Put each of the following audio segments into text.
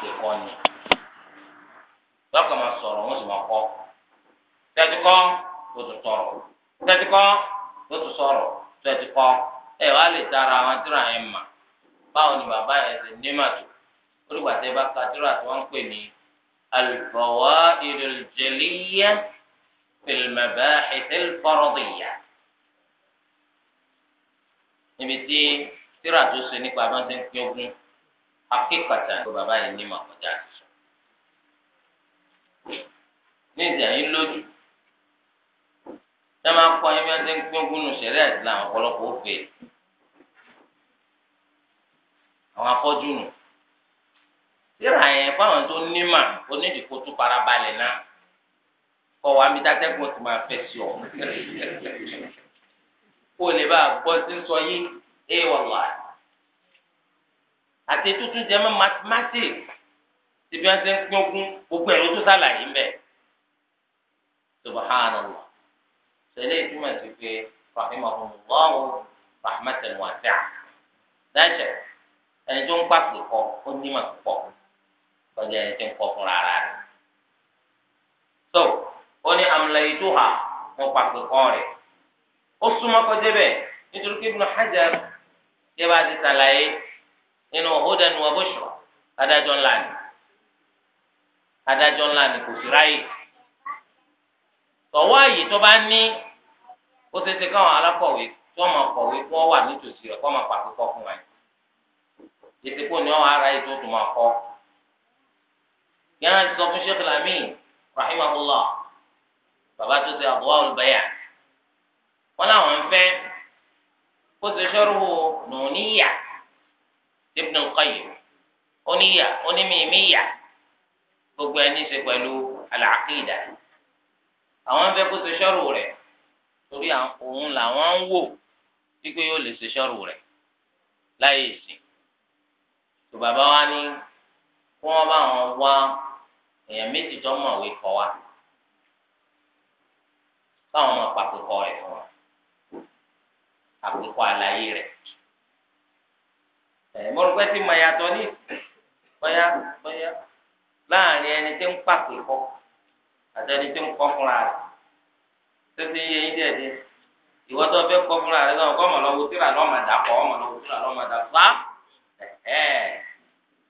àṣekọ ni lọ́kàn máa sọ̀rọ̀ wọ́n sì máa kọ́ tẹ́tí kọ́ ó tún sọ̀rọ̀ tẹ́tí kọ́ ó tún sọ̀rọ̀ tẹ́tí kọ́ ẹ wá lè tara àwọn tíra yẹn mà báwo ni bàbá yẹn ṣe ní màtó olùgbà tẹ bá ka tíra tí wọ́n pè ní al-fawā'idu al-jaliyya níbi tí tíra tó ṣe nípa bí wọ́n ti ń pín ogún akékpàtà tó bàbá yìí ní màkọjá sọ ní ìdí àyín lójú sábà kọ ayé bí wọn ti ń gbógun nù sẹrí àìsílẹ àwọn ọ̀pọ̀lọpọ̀ òfè àwọn afọ́jú nù síra yẹn fáwọn tó ní mà onídìí kó tó fara balẹ̀ náà kọ wa mi dátẹ́kùn tó máa fẹ́ sí ọ kó o lè bá a gbọ́ sí sọ yìí ẹ wà wà àti tuntun jẹ mọ́ mathematics ti bí wọ́n ṣe ń pín ogún gbogbo ẹ̀rọ tó sàlàyé ń bẹ̀. subhanallah sẹlẹ̀ ìtumọ̀ sí pé rahimahullahu rahmatan wasi'a dáṣẹ̀ ẹni tó ń pàṣẹ kọ ó ní mà pọ̀ kọjá ẹni tó ń kọ fúnra rẹ̀. so ó ní amlaytuha mo pàṣẹ kọ rẹ̀ ó súnmọ́ kọjá bẹ́ẹ̀ nítorí pé ibùdó hajar yẹ bá ti sàlàyé nínú hudan wa bushra adájọ́ ńlá ni adájọ́ ńlá ni kò sí ráyè tọ̀wọ́ àyè tó bá ní ó ṣe ṣe káwọn alákọ̀wé tó máa kọ̀wé kó wà nítòsí rẹ̀ kó máa pàtókọ́ fún wa yìí ètò ìpò ní ọ̀hún ara yìí tó tún máa kọ́ yàrá ti sọ fún Sheikh Al-Amin rahimahullah bàbá tó ṣe Adwa'ul Bayan wọn làwọn ń fẹ́ kó ṣe sharhu Nuniyya. Ibn Qayyim oníyà onímìímìíyà gbogbo ẹ̀ ní í ṣe pẹ̀lú al-aqida àwọn ń fẹ́ kó ṣe sọ́rù rẹ̀ torí òun làwọn ń wò wípé yóò lè ṣe sọ́rù rẹ̀ láyé ìsìn tó bàbá wa ní kí wọ́n bá wọn wá èèyàn méjì tó mọ̀wé kọ́ wa káwọn máa pàpẹ́kọ rẹ̀ fún wa àpẹ́kọ àlàyé rẹ̀ ẹ mọlùpẹ ti mọ ìyàtọ̀ ní bóyá bóyá láàrin ẹni tí ń pàpè kọ àti ẹni tí ń kọ fúnra rẹ̀ tó ti yẹ yín díẹ̀ díẹ̀ ìwọ tó fẹ́ kọ fúnra rẹ̀ náà kọ ọmọ lọ wo tíra lọmọ dàpọ ọmọ lọ wo tíra lọmọ dàpá ẹ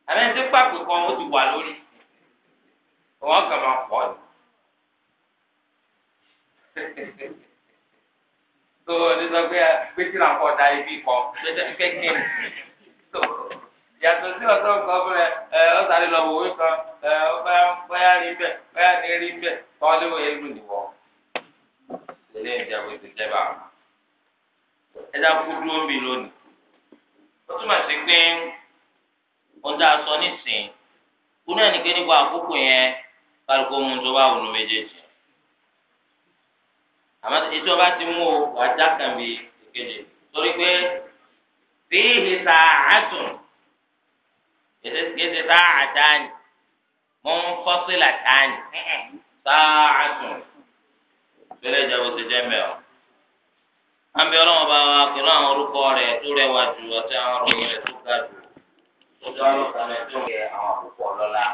àmì ẹni tí ń pàpè kọ ó ti wà lórí wọn kàn máa pọ ni tó o ní sọ pé pé kọ da ibi kọ pé tẹ yàtọ̀ sí ọ̀sán nǹkan fún ẹ ẹ ọ̀sán lọ wò wípé ẹ ọba bóyá rí bẹ́ẹ̀ bóyá ní rí bẹ́ẹ̀ kọ́ léwò yẹn lù nìwọ̀ lè ń jẹun ètò ìjẹba ẹ dákú dúró mi lónìí ó túmọ̀ sí pé ohun tá a sọ nísìnyí kú náà ní pé nípa àkókò yẹn kálukó mu tó bá wùnú méjèèjì àmọ́ ètò ọba ti mú o wàá dákàmì ìkejì torí pé fíìhì sàáàtùn yẹsẹ sáà dání mọ ń fọsílà dání sáà tún fẹlẹ jẹ bó ti jẹ mẹ o àmì ọlọ́wọ́n bá wa pẹ̀lú àwọn orúkọ rẹ̀ tó rẹwà jù àti àwọn ọ̀rọ̀ rẹ̀ tó ga jù tó dá lọ́kàn rẹ̀ tó yẹ àwọn àkókò ọlọ́lá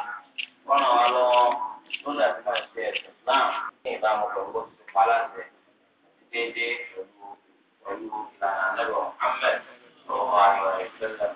wọ́n ràn wá lọ́wọ́ tó dàbí máa ṣe ẹ̀sìn Islam ní ìbámu pẹ̀lú bó ti pa láṣẹ déédéé pẹ̀lú pẹ̀lú ìlànà lẹ́wọ̀n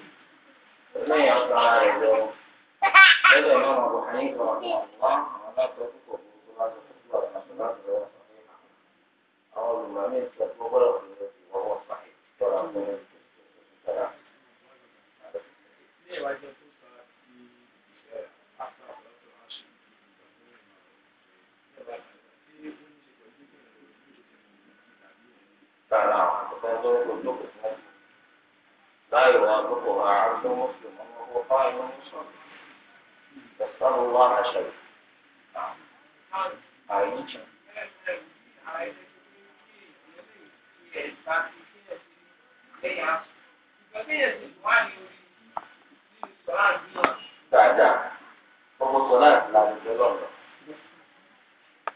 ṣùgbọ́n èèyàn rẹ̀ lọ lọ́dọ̀ náà wọn kò hàn ní ìtàn àwọn aláṣọ púpọ̀ tó bá tó tó àwọn aṣọ láti lọ́wọ́ sọ̀rọ̀ ìhà àwọn olùmọ̀mí sọ pé gbọ́dọ̀ kò lọ sí ọwọ́ fàáyì tọ́ra fún ẹ̀ tọ́ra. Tara àwọn akẹ́kọ̀ọ́ tó kò tó kò tó láyò wọn àkókò àárọ̀ mọ́sùlùmí. الله ونصره نسأل الله شيء عائشة dáadáa gbogbo sọlá ìlànà ìjọba ọ̀rọ̀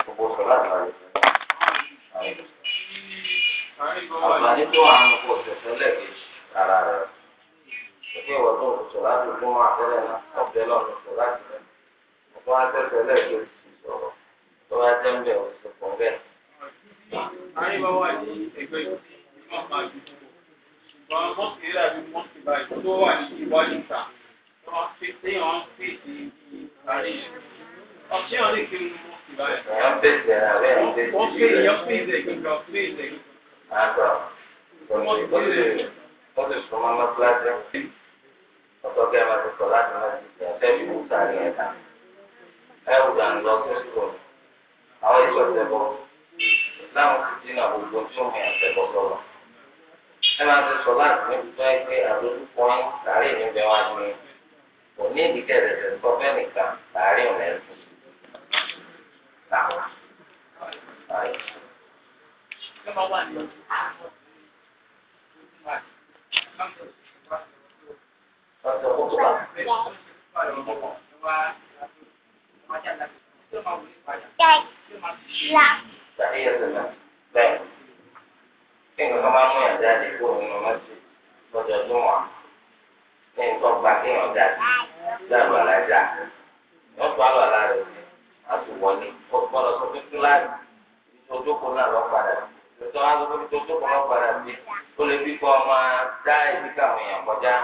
gbogbo sọlá ìlànà ìjọba ọ̀rọ̀ àǹfààní tó wà nínú kò tẹ̀sán lẹ́ẹ̀kejì ara rẹ̀ ṣé ìwọ tó ń sọ láti fún wọn àtẹlẹ náà ọbẹ lọnà sọ láti rẹ ọkọ àtẹsẹ lẹgbẹ ti sọ̀rọ̀ tó bá jẹ ń bẹ òṣù pọ bẹ́ẹ̀. àárín bá wà ní ẹgbẹ́ ìgbìmọ̀ máa ju ṣùgbọ́n mọ́kì dàbí mọ́kì báyìí tó wà ní ìwájú ta wọ́n fi téèyàn ń fi di àárín yẹn. ọ̀ṣẹ́ wọn lè kí ni mọ́kì báyìí. wọ́n fèsì àárẹ̀ ń fèsì. wọ́n fèsì èèyàn fèsì ẹ̀gbẹ̀gbẹ̀ fèsì ẹ̀gbẹ̀gbẹ̀. àgbà ọ̀sẹ̀ ọ̀sẹ̀ sọ̀rọ̀ ọ̀tọ̀ kẹ́ ẹ máa ti sọ láti máa ti sè ẹ̀fẹ́ bí wù sáré ẹ̀ dá ẹ̀ wù dànù lọ sí ìwọ̀ àwọn èso ọ̀sẹ̀ bọ̀ láwọn ti dín náà gbogbo tí wọ́n fi ẹ̀fẹ́ bọ̀ sọ̀rọ̀ ẹ máa ti sọ láti ní tó ẹ pé àdójúkọ yín sáré mi wá ní òní ìdíkẹ́ rẹ̀ rẹ̀ sọ nìkan sáré rẹ̀ sùn làwọn. Thank you lọ́sọ̀ kó tó bá. Sàlẹ̀ yẹn sọ̀rọ̀ bẹ́ẹ̀ kí nǹkan kan máa mú yàn jáde kó nínú mọ́tì lọ́jọ́ Júmọ̀ ní nǹkan gba kí yàn jáde dáàbò alájà wọ́n tó àlọ́ àlá rẹ̀ àtúwọlé ọ̀pọ̀ lọ sọ pé kíláàsì ìtòjókòó náà lọ́ padà sí tòtò wọn sọ pé tòtò kọ́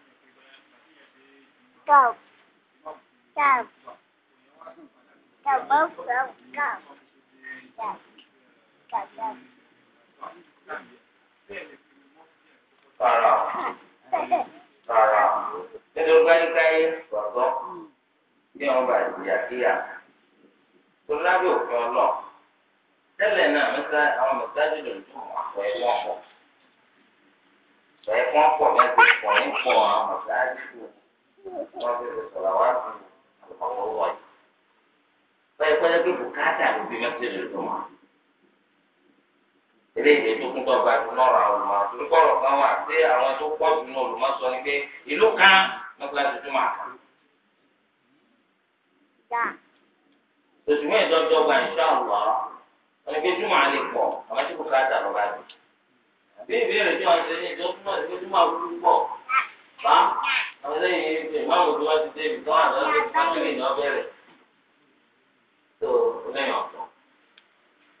cầu cầu cầu bốc cầu cầu cầu cầu cầu Rárá rárá wọ́n fi lè sọ̀rọ̀ wá sí àlùfáàwọ̀ wọ̀nyí. báyìí pẹ́lẹ́ pé bùkátà ló gbé mẹ́tẹ́ lè tó wọn. eléyìí lè dúkú tó gba ìdùnnú ọ̀rọ̀ àwọn olùmọ̀ àti olùkọ́rọ̀ kan wà pé àwọn tó pọ̀ jù náà olùmọ̀ ni pé ìlú kan lọ́gbà tuntun máa kà. òṣùwọ̀n ìdọ́jọ́ gba ìṣọ́ àwùwọ̀ wọn ni pé jùmọ̀ á lè pọ̀ àwọn tí bùkátà lọ́gbà jù. àbí ìbéèrè tí wọ́n ṣe ní ìjọ bá àwọn eléyìí ṣe ìmáàmù tí wọ́n ti dé ibi tó wà lọ́dún fámìlì náà bẹ̀rẹ̀ tó lẹ́yìn ọ̀tọ̀.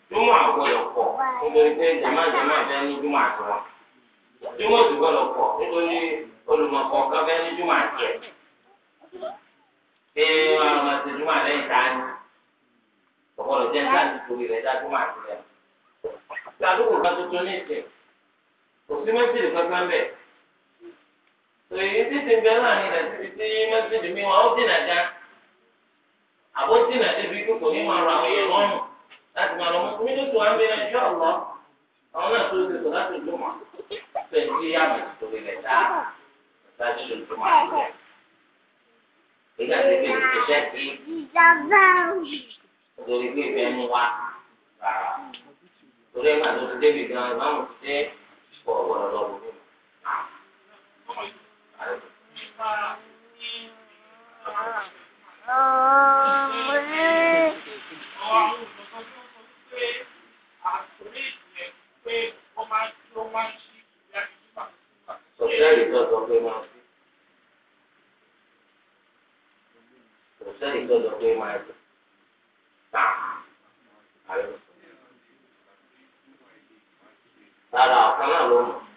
Júmọ̀ àgbọ̀dọ̀ pọ̀ nítorí pé jàmá jàmá fẹ́ ní júmọ̀ àti wọn. Júmọ̀ sì gbọ́dọ̀ pọ̀ nítorí olùmọ̀kọ̀ kan fẹ́ ní júmọ̀ àti ẹ̀. Ṣé wọn lọ sí júmọ̀ lẹ́yìn tání? Ọ̀pọ̀lọ̀ jẹ́ láti torí rẹ̀ dá júmọ̀ àti rẹ̀. Ṣé àdúgbò kan tuntun ní ìsìn? Kò sí mẹ́sìlì kankan bẹ́ẹ̀ èyí tí ti ń bẹ láàrin rẹ̀ síbi tí mẹ́sìlì mi wọn ó dìnnà já àbó dìnnà débi kókò ní máa ra àwọn èèyàn lọ́rùn láti máa lọ mùsùlùmí tó tó wá ń bẹ ẹjọ́ ọ̀lọ́ àwọn náà tó ti sọ láti lò wọ́n pẹ̀lú yàrá ìtòlè rẹ̀ dá láti lò tó máa lò ìgbà tí kò ní ṣiṣẹ́ sí nítorí pé ìfẹ́ mú wa rárá torí ẹ̀ka tó ti débi gan-an báwọn ti dé pọ̀ lọ́wọ́ Rárá, ọ̀kan náà